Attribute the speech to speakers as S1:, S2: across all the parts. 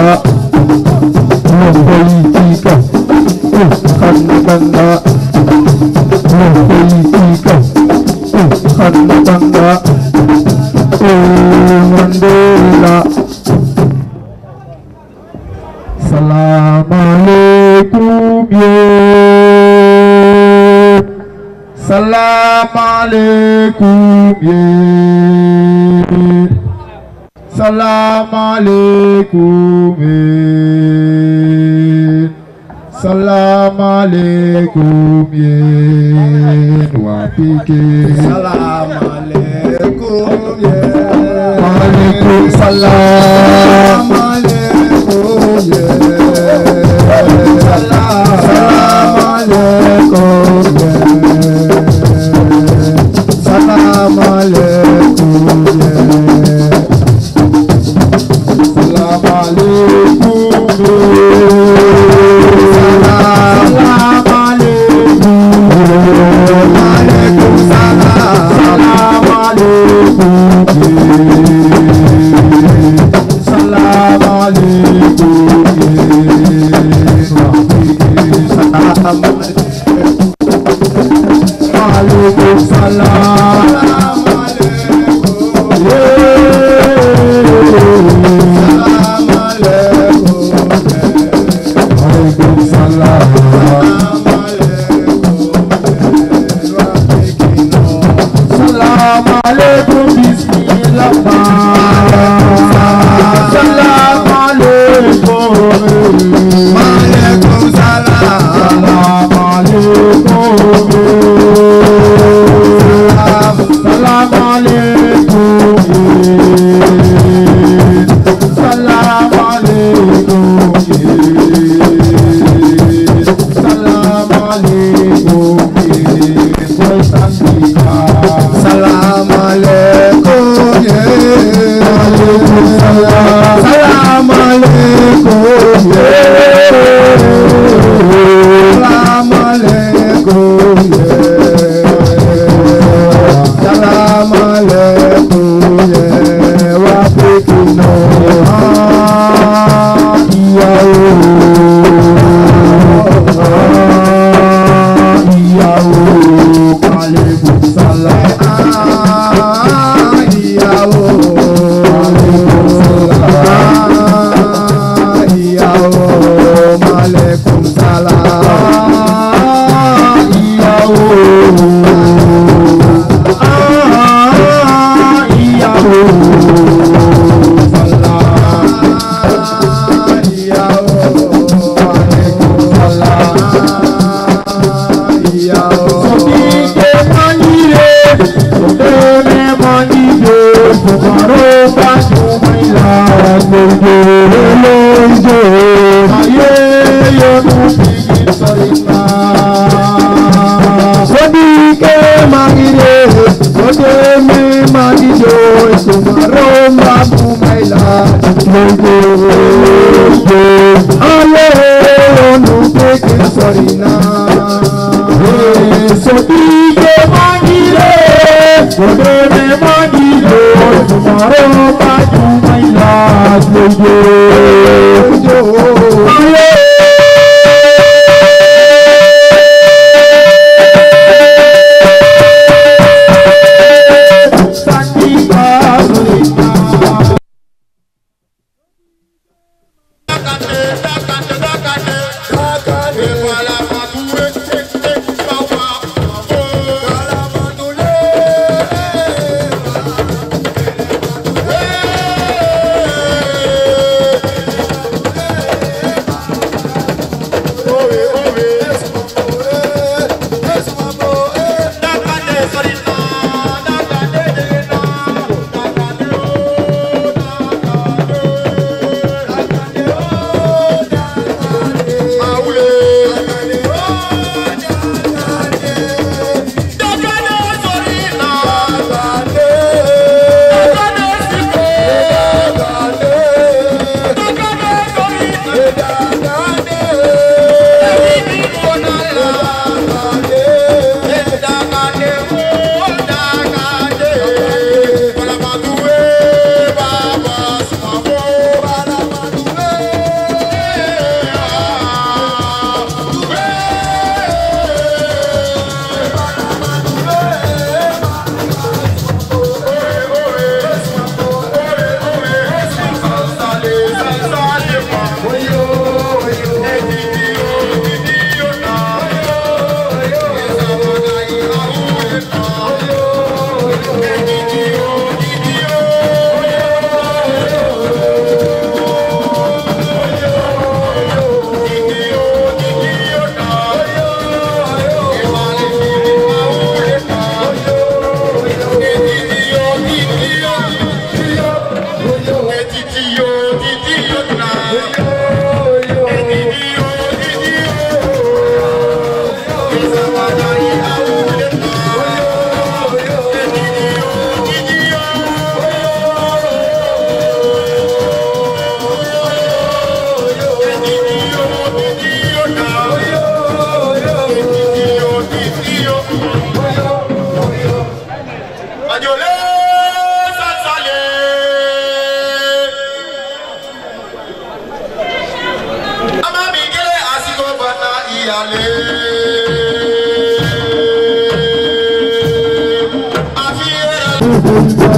S1: banda no política buscando banda no política buscando banda oh Mandela ye ye
S2: Salam alaikum.
S1: Salam alaikum. Wa piki. Salam alaikum. Alaikum salam.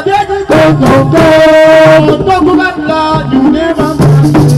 S1: Abia, go, go, go. Talk about love, you never.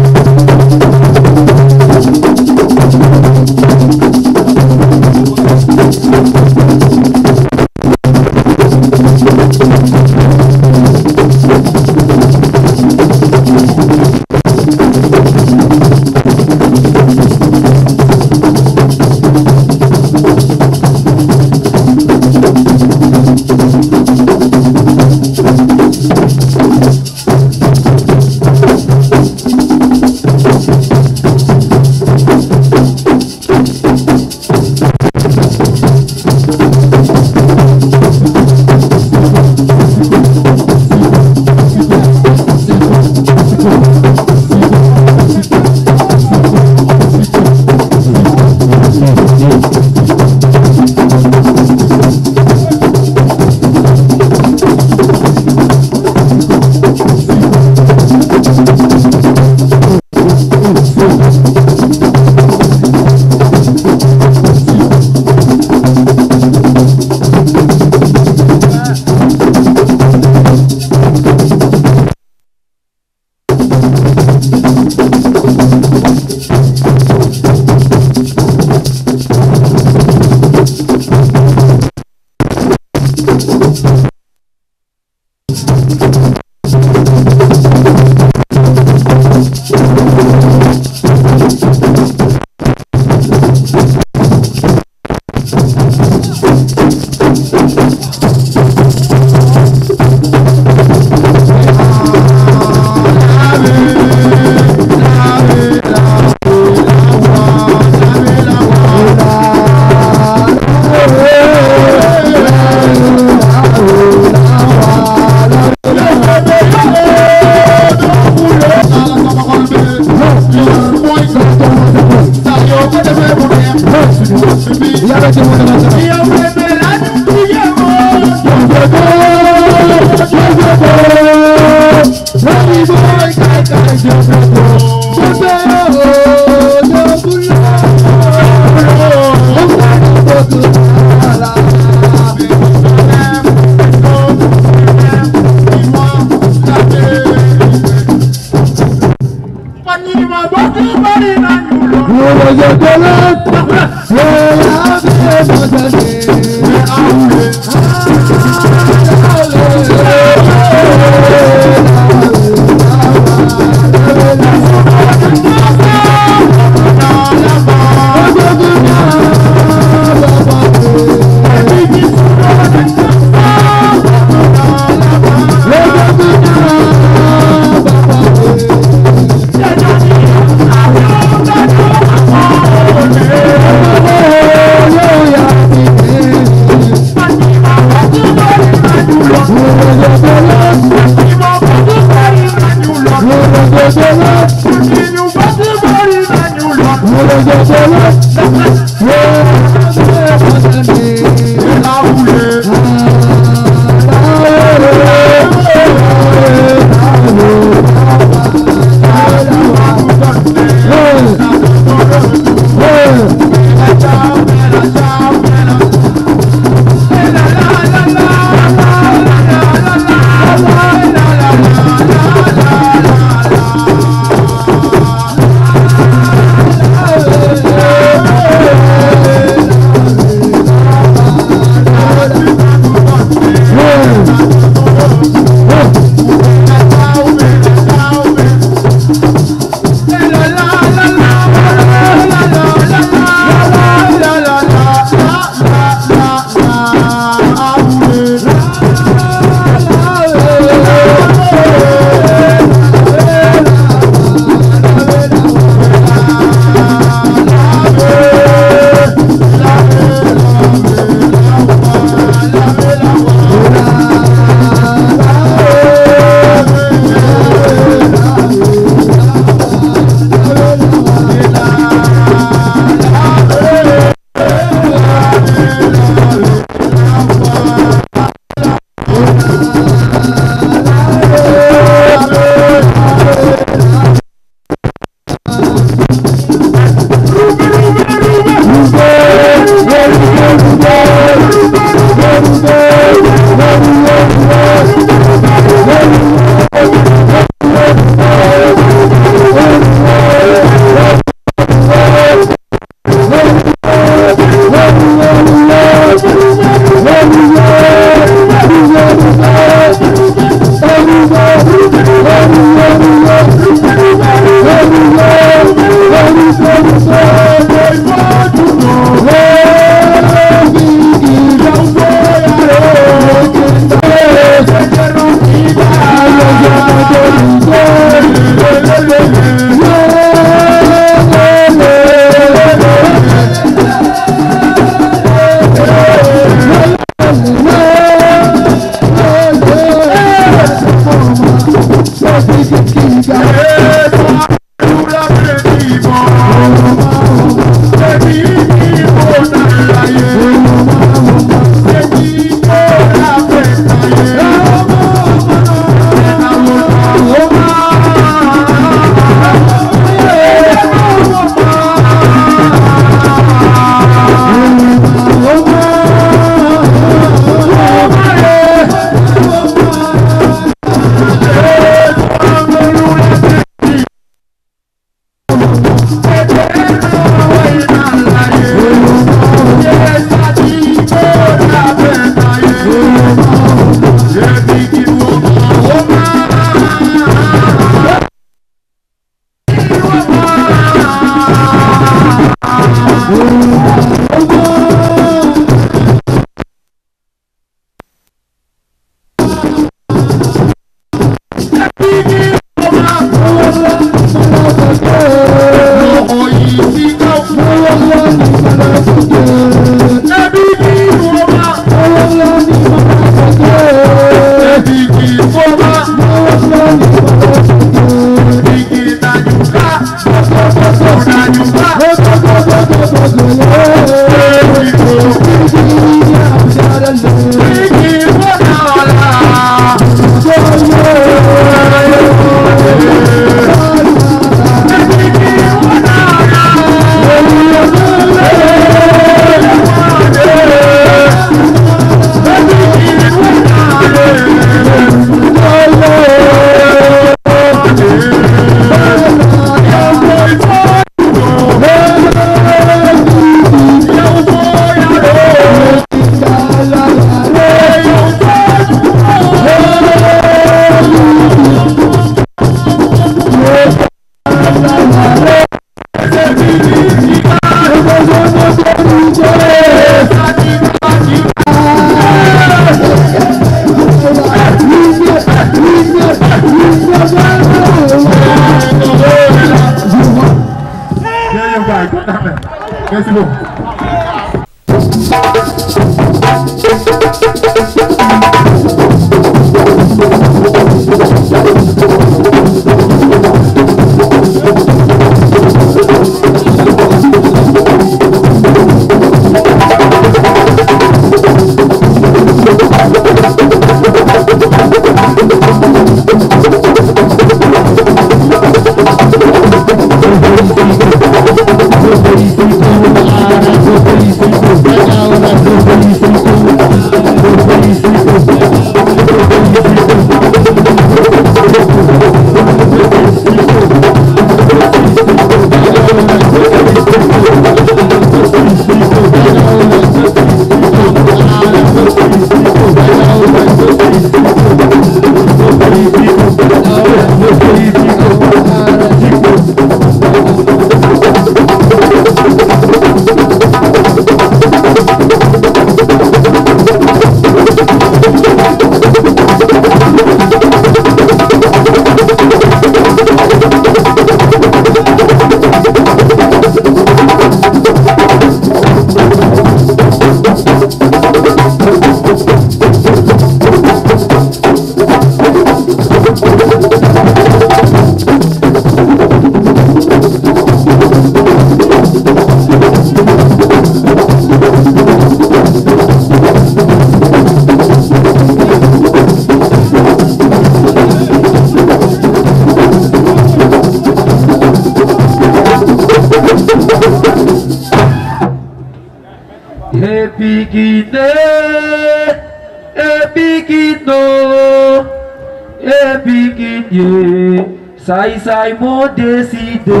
S2: Sai sai mo dé sí dé.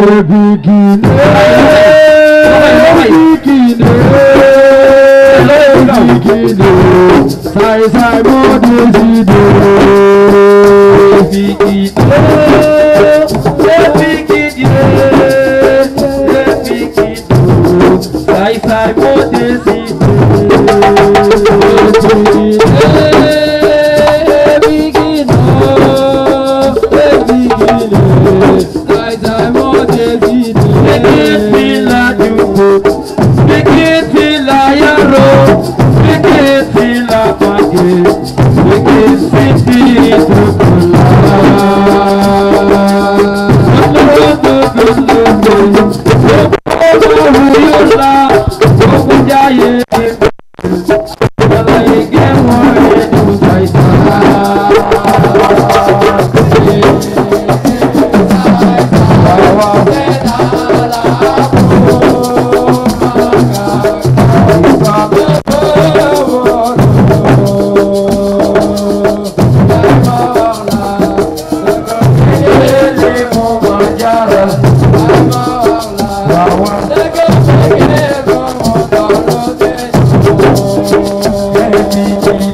S1: òbíkì lé òbíkì lé òbíkì lé ṣàìṣàì mo dé sí dé. òbíkì lé òbíkì lé òbíkì lé ṣàìṣàì mo dé sí dé. Thank you.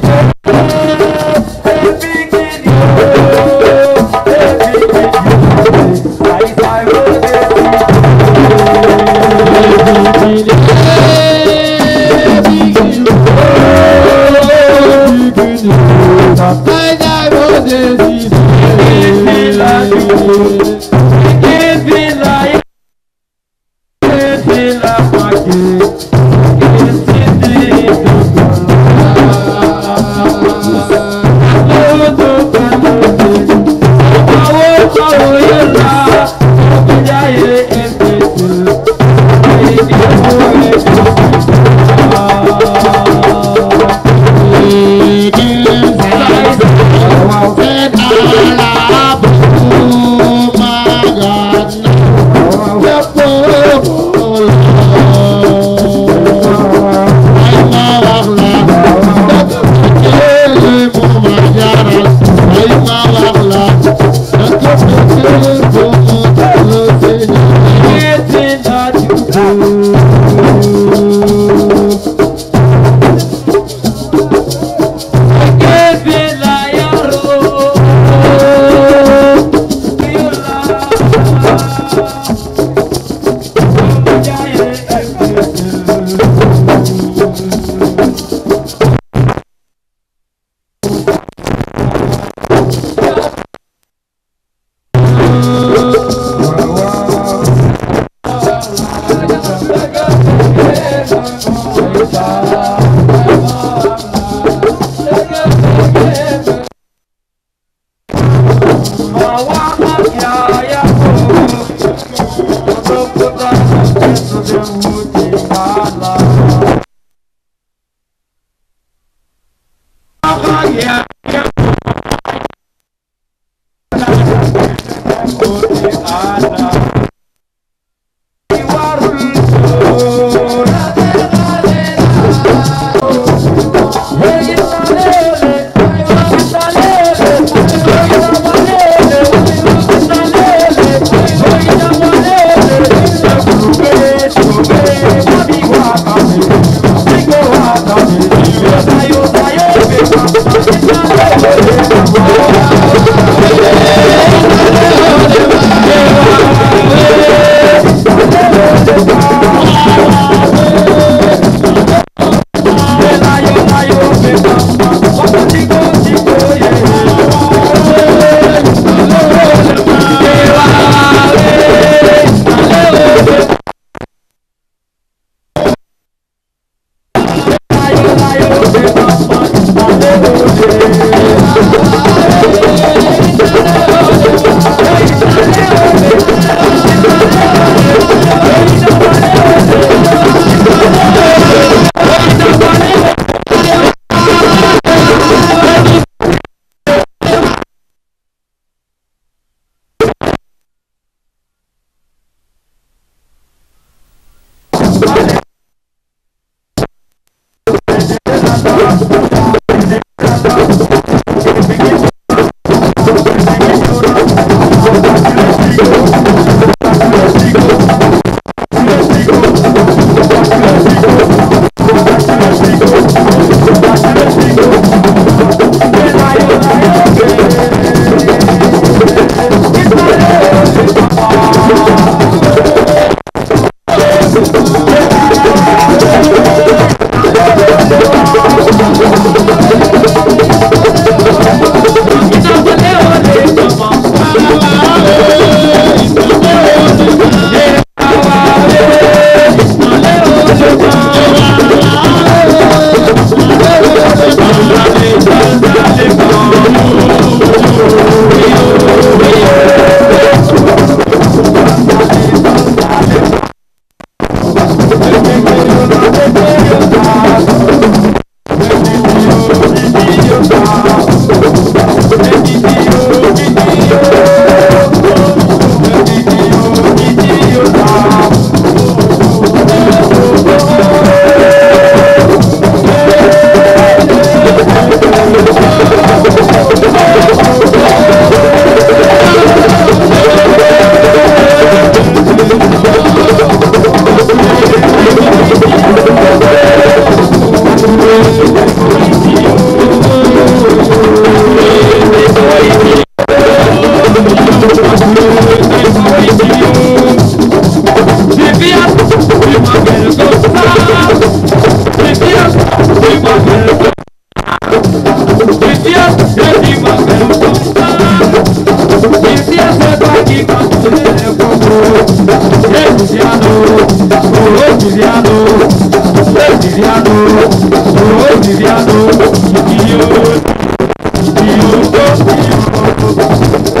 S1: Thank you.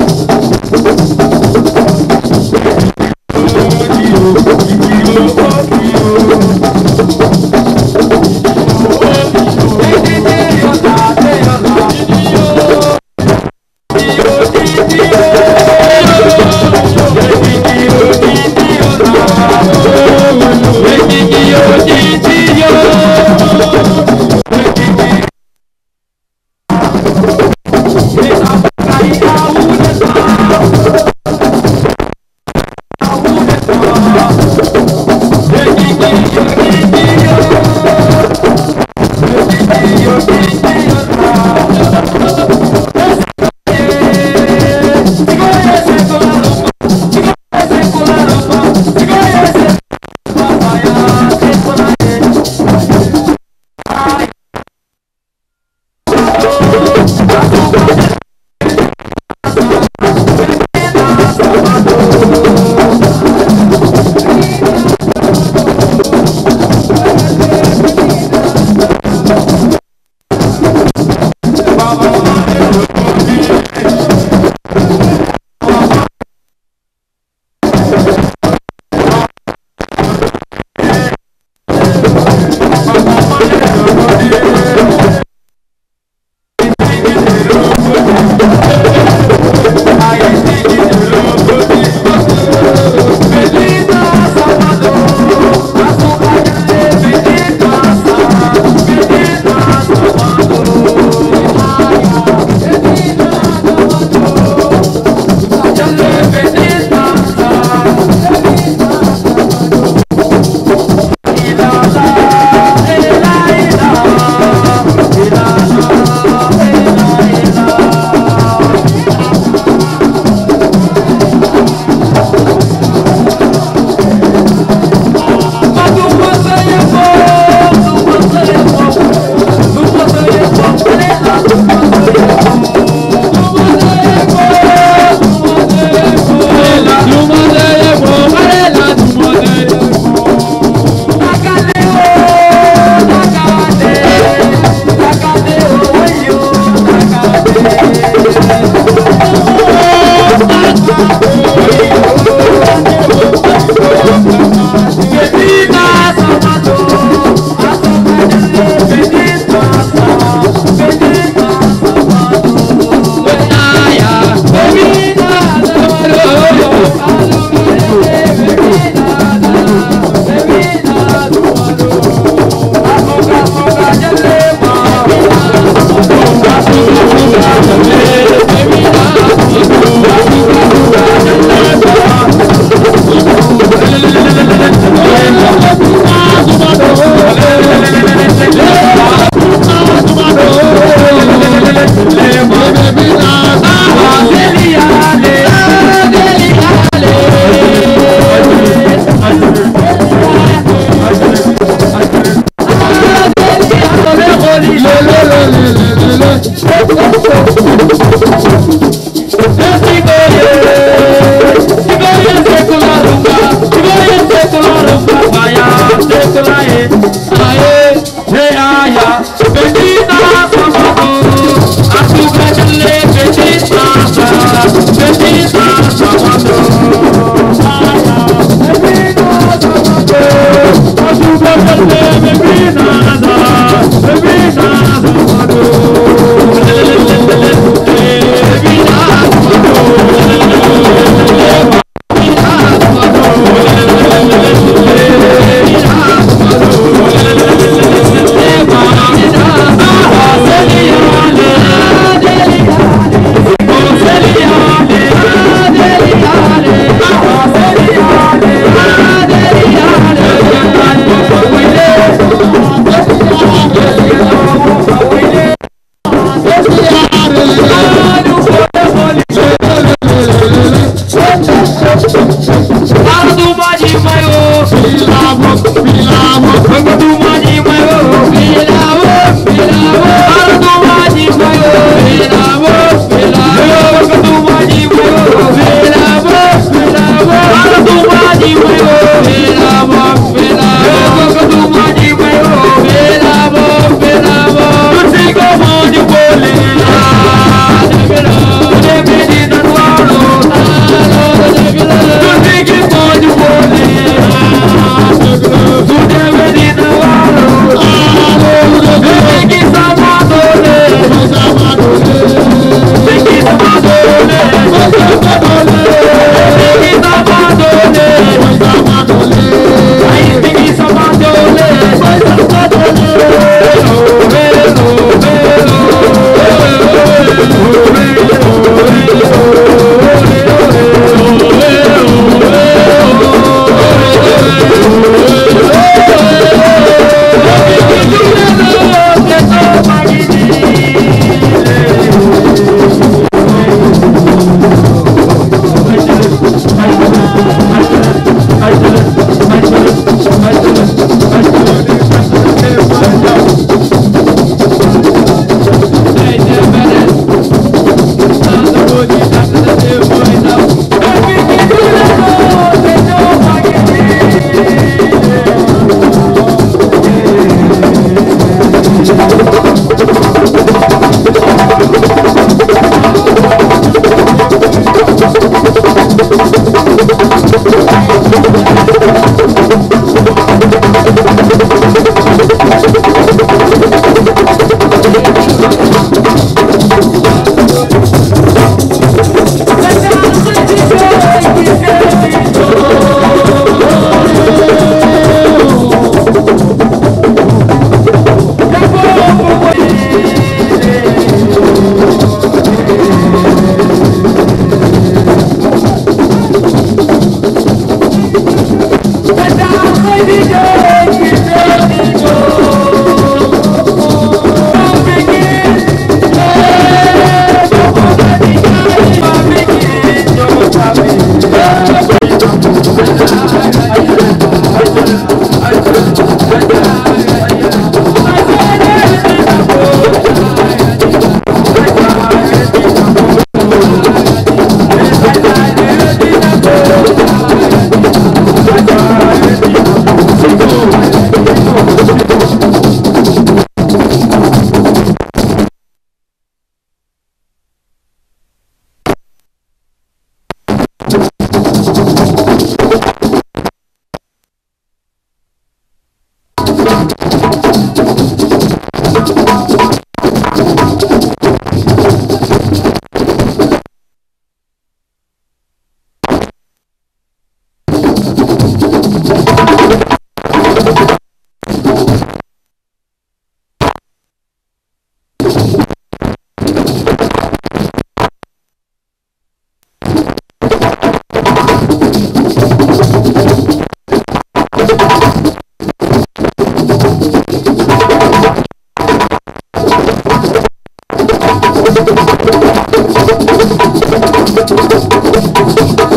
S1: Água do mar.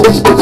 S1: Thank you.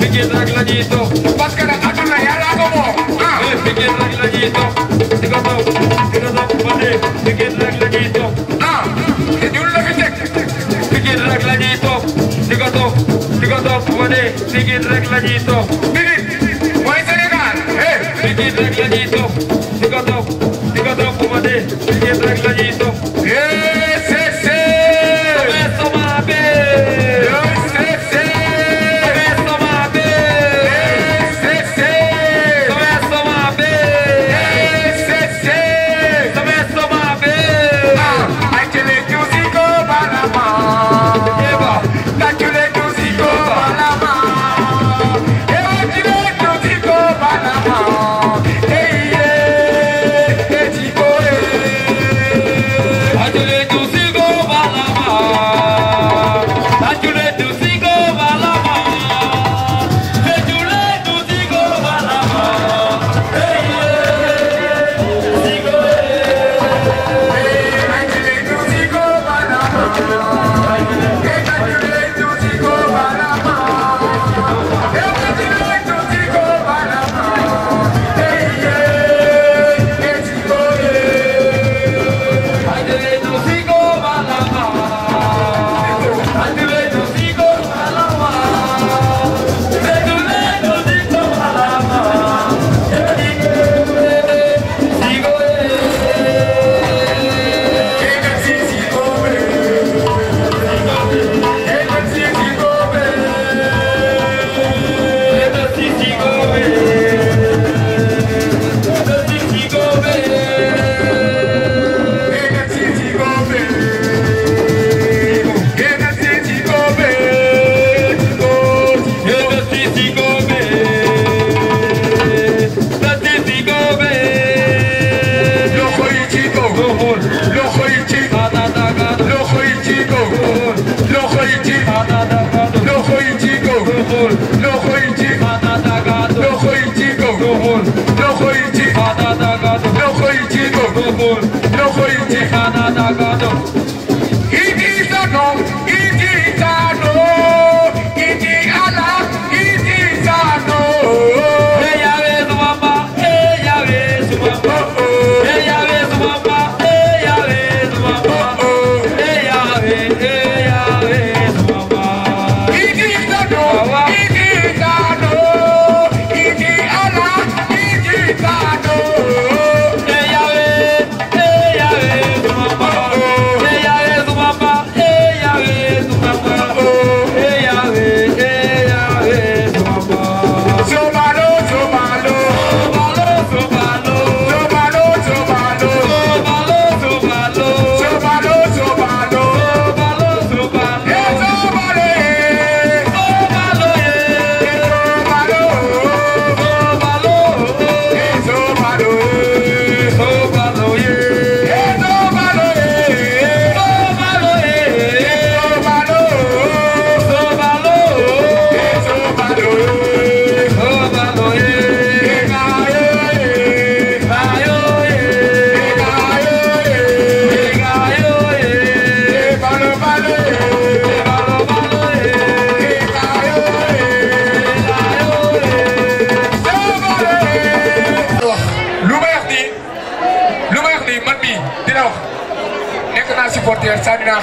S2: Piquet ragladito, máscara, ya la Ah, piquet ragladito, digo no, digo Ah, que yo la que Piquet ragladito, digo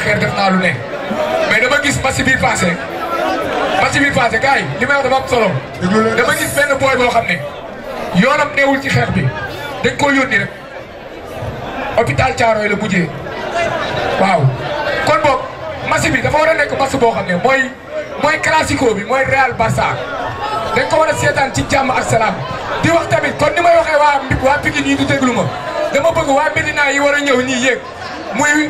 S3: APR def naa lu ne mais dama gis match bi passé match bi passé kay li may wax dama solo. dama gis ben boy bo xamné ne yoonam neewul ci xeex bi dañ ko yoni rek hôpital Thiaroye la mujjee waaw kon bok match bi dafa wara nek nekk bo xamné moy moy classico bi moy Real Barça dañ ko wara sétane ci jamm arsenal di wax tamit kon ni may waxee wa waa Pikine yi du dégluma dama bëgg wa Medina yi wara ñëw ñii yéeg muy.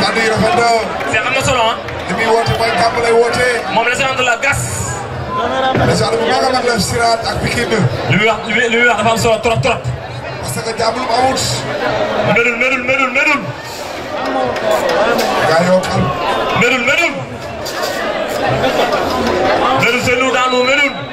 S3: kàddu yi rafet na. Cheikh am na solo ah. li muy mooy kàmb lay woote. moom la sëñ la gas. dèjà bu mag a mag la Siraat ak Pikine. li muy wax li muy wax dafa am solo trop trop. parce que jàmm lu mu amut. melul melul melul melul. gaa yoo xam. melul melul. melul seen lu daanu melul.